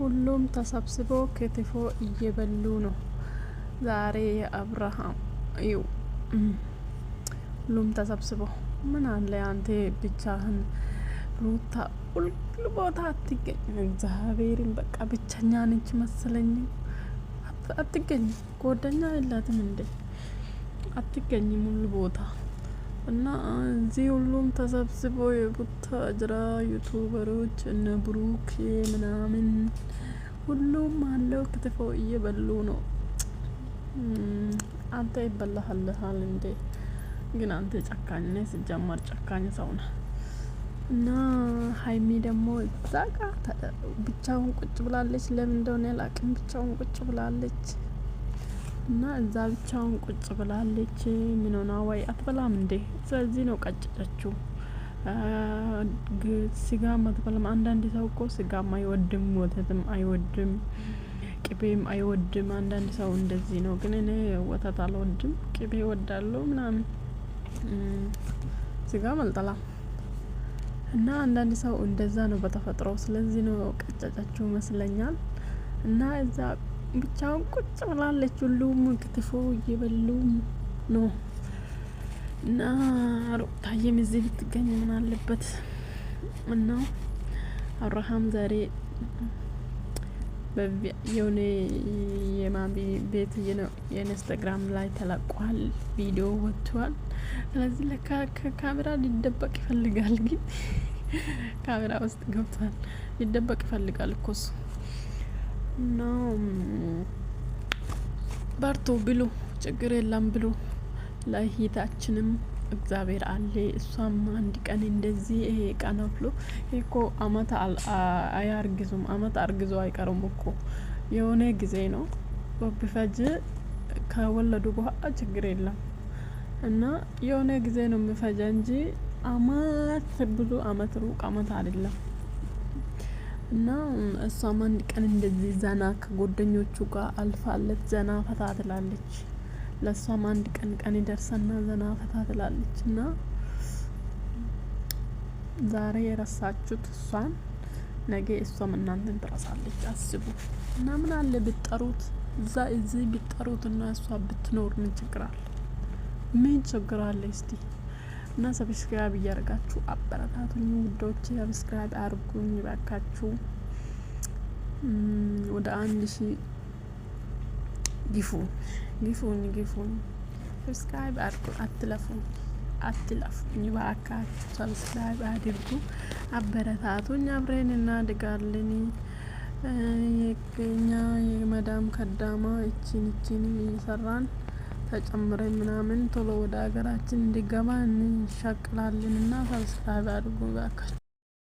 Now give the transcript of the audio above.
ሁሉም ተሰብስቦ ክትፎ እየበሉ ነው። ዛሬ የአብርሃም እዩ፣ ሁሉም ተሰብስቦ ምን አለ አንተ ብቻህን ሩታ ሁሉ ቦታ አትገኝም። እግዚአብሔርን በቃ ብቸኛ ነች መሰለኝ። አትገኝም፣ ጎደኛ የላትም እንዴ? አትገኝም ሁሉ ቦታ እና እዚህ ሁሉም ተሰብስበው የቡታጅራ ዩቱበሮች እነ ብሩክ ምናምን ሁሉም አለው ክትፎ እየበሉ ነው። አንተ ይበላሃልሃል እንዴ? ግን አንተ ጨካኝ ነህ። ሲጀመር ጨካኝ ሰው ነህ። እና ሀይሚ ደግሞ እዛ ጋ ብቻውን ቁጭ ብላለች። ለምን እንደሆነ አላቅም። ብቻውን ቁጭ ብላለች። እና እዛ ብቻውን ቁጭ ብላለች። ምን ሆና ወይ አትበላም እንዴ? ስለዚህ ነው ቀጭጨችው። ስጋ አትበላም። አንዳንድ ሰው እኮ ስጋም አይወድም፣ ወተትም አይወድም፣ ቅቤም አይወድም። አንዳንድ ሰው እንደዚህ ነው። ግን እኔ ወተት አልወድም፣ ቅቤ ወዳለሁ ምናምን፣ ስጋም አልጠላም። እና አንዳንድ ሰው እንደዛ ነው በተፈጥሮ። ስለዚህ ነው ቀጨጨችው መስለኛል። እና እዛ ብቻውን ቁጭ ብላለች። ሁሉም ክትፎ እየበሉ ነው እና ሩቅታዬም እዚህ ብትገኝ ምን አለበት እና አብርሃም ዛሬ የሆነ የማቢ ቤት የኢንስታግራም ላይ ተለቋል፣ ቪዲዮ ወጥቷል። ስለዚህ ለካ ከካሜራ ሊደበቅ ይፈልጋል፣ ግን ካሜራ ውስጥ ገብቷል። ሊደበቅ ይፈልጋል እኮ እሱ እና ብሉ፣ ችግር የለም ብሉ። ለሂታችንም እግዚአብሔር አለ። እሷም አንድ ቀን እንደዚህ ይሄ ቀና ብሎ እኮ አመት አያርግዙም። አመት አርግዞ አይቀርም እኮ የሆነ ጊዜ ነው ቢፈጅ ከወለዱ በኋላ ችግር የለም እና የሆነ ጊዜ ነው የሚፈጀ እንጂ አመት ብዙ አመት ሩቅ አመት አይደለም። እና እሷም አንድ ቀን እንደዚህ ዘና ከጓደኞቹ ጋር አልፋለት ዘና ፈታ ትላለች። ለእሷም አንድ ቀን ቀን ይደርሰና ዘና ፈታ ትላለች። እና ዛሬ የረሳችሁት እሷን ነገ እሷም እናንተን ትረሳለች። አስቡ እና ምን አለ ብጠሩት እዛ እዚህ ብጠሩት እና እሷ ብትኖር ምን ችግር አለ? ምን ችግር አለ? እስቲ እና ሰብስክራይብ እያደረጋችሁ አበረታቱኝ ውዶች፣ ሰብስክራይብ አርጉኝ ባካችሁ። ወደ አንድ ሺ ግፉ ግፉኝ ግፉኝ። ሰብስክራይብ አርጉ፣ አትለፉ አትለፉ። ባካችሁ። ሰብስክራይብ አድርጉ፣ አበረታቱኝ። አብረን እናድጋለን። የገኛ የመዳም ከዳማ እችን እችን እየሰራን ተጨምረን ምናምን ቶሎ ወደ ሀገራችን እንዲገባ እንሻቅላለን እና ሰብስክራይብ አድርጉ ባካችሁ።